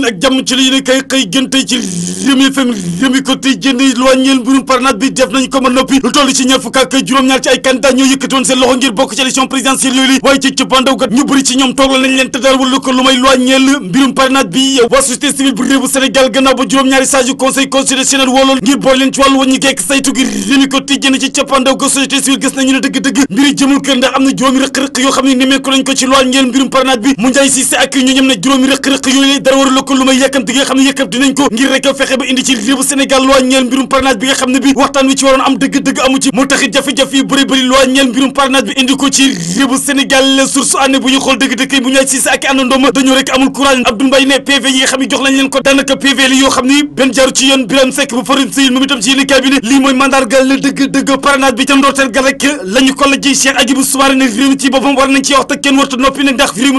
dalin ak jàmm ci la yéen kay xëy gën tey mbirum parrainage bi def nañ ko ba noppi lu toll ci ñaar fukk ak juróom-ñaar ci ay candidat ñoo yëkkatoon seen loxo ngir boole leen ci wàllu waññi geek saytu gi Rewmi ko tey jënd ci cëppaandaw ga société civile gis nañu ne dëgg-dëgg mbiri jëmul kër ndax am na juróomi rëq-rëq yoo xam ne nemee ko ci wàññeel mbirum parrainage bi mu njaay si ak ñu ñam ne juróomi rëq-rëq yooyu dara waru ko lu may yàkkamti nga xam ne ko ngir rek fexe ba indi ci réewu Sénégal loi ñeel mbirum parrainage bi nga xam ne bi waxtaan wi ci waroon am dëgg-dëgg amu ci moo taxit si sa ak àndandooma dañoo rek amul courage Abdou Mbaye ne PV yi xam ne jox lañ ko daanaka PV li yoo xam ne benn jaru ci yoon Birame Seck bu farin sëyil moom itam ci yéen kaay bi mooy mandargal la dëgg-dëgg parrainage bi ca ndoorteel ga rek lañu ko la jiy Cheikh Adjibou Soumaré ne ne ndax réew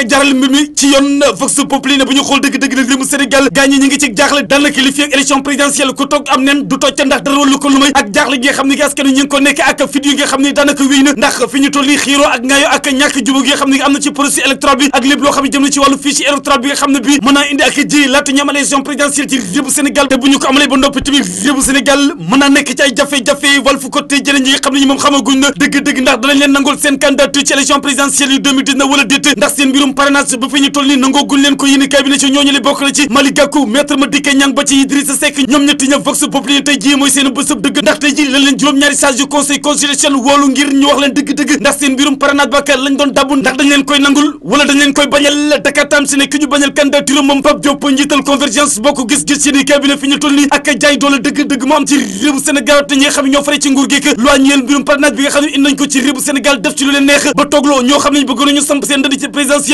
daanaka jaral mbir mi ci yoon vox populi ne bu ñu xool dëgg-dëgg nag li Sénégal gaañ ñi ngi ci jaaxle daanaka li fi ak élection présidentielle ku toog am nen du tocca ndax dara wàllu ko lu may ci processus électoral bi ak lépp na ci wàllu ndax seen candidature mbirum ndax tey jii leen juróom-ñaari sage yu conseil constitutionnel woolu ngir ñu wax leen dëgg-dëgg ndax seen mbirum parrainage ba lañ doon dabu ndax dañ leen koy nangul wala dañ leen koy bañal Dakar tam si ki ñu bañal candidature moom Pape Diop njiital convergence bokk gis-gis yéen kay fi ñu toll ak jaay doole dëgg-dëgg moo am ci réewu Sénégal te ñi xam ñoo fare ci nguur gi ak loi ñeel mbirum parrainage bi nga xam ne indi nañ ko ci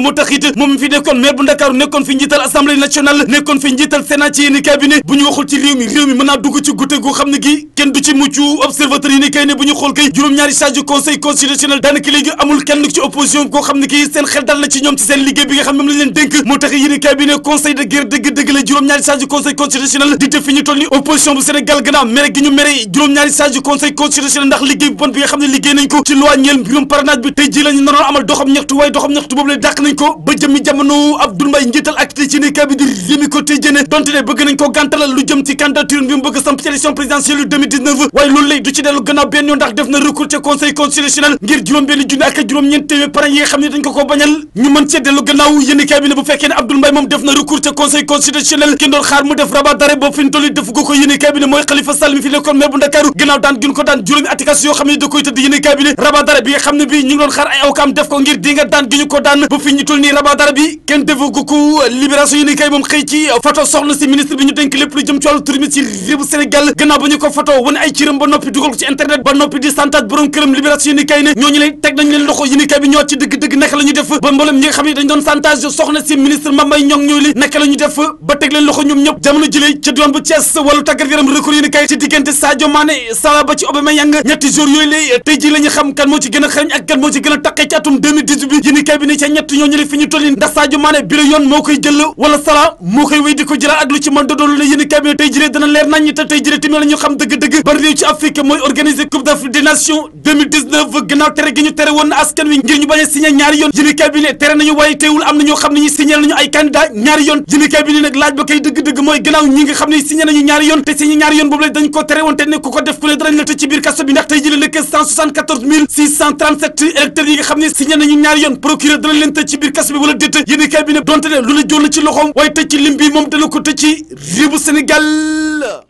moo tax moom mi fi nekkoon maire bu Ndakaaru nekkoon fi njiital assemblée nationale nekkoon fi njiital sénat ci yéen cabinet bu ñu waxul ci réew mi réew dugg ci guute goo xam ne gi kenn seen xel dal na ci ñoom ci seen liggéey bi nga xam ne moom lañ leen dénk moo tax yéen cabinet conseil de guerre dëgg-dëgg la juróom-ñaari charge conseil constitutionnel di def fi ñu toll ni opposition bu Sénégal gën mere gi ñu mere juróom-ñaari charge conseil constitutionnel doxam ñaxtu boobu la dàq nañ ko ba jëmmi jamono Abdoul Mbaye njiital activité ci ne kabidir Rewmi Quotidien ne donte ne bëgg nañ ko gàntalal lu jëm ci candidature bi mu bëgg samp ci élection présidentielle yu 2019 waaye loolu lay du ci dellu gannaaw benn yoon ndax def na recours ca conseil constitutionnel ngir juróom benn junni ak juróom-ñeent téeméer parrain yi xam ne dañ ko ko bañal ñu mën cee dellu gannaaw yéen kaay bu fekkee ne Abdoul Mbaye moom def na recours ca conseil constitutionnel kenn doon xaar mu def rabat d'arrêt bi xam ne bi ñu doon xaar ay soxna si ministre bi ñu dénk lépp lu jëm ci wàllu tourisme moo koy wéy di jëlaat ak lu ci mën da lu ne yéen ci Afrique mooy tëj ci biir kaso bi lu ko tëj ci réewu Sénégal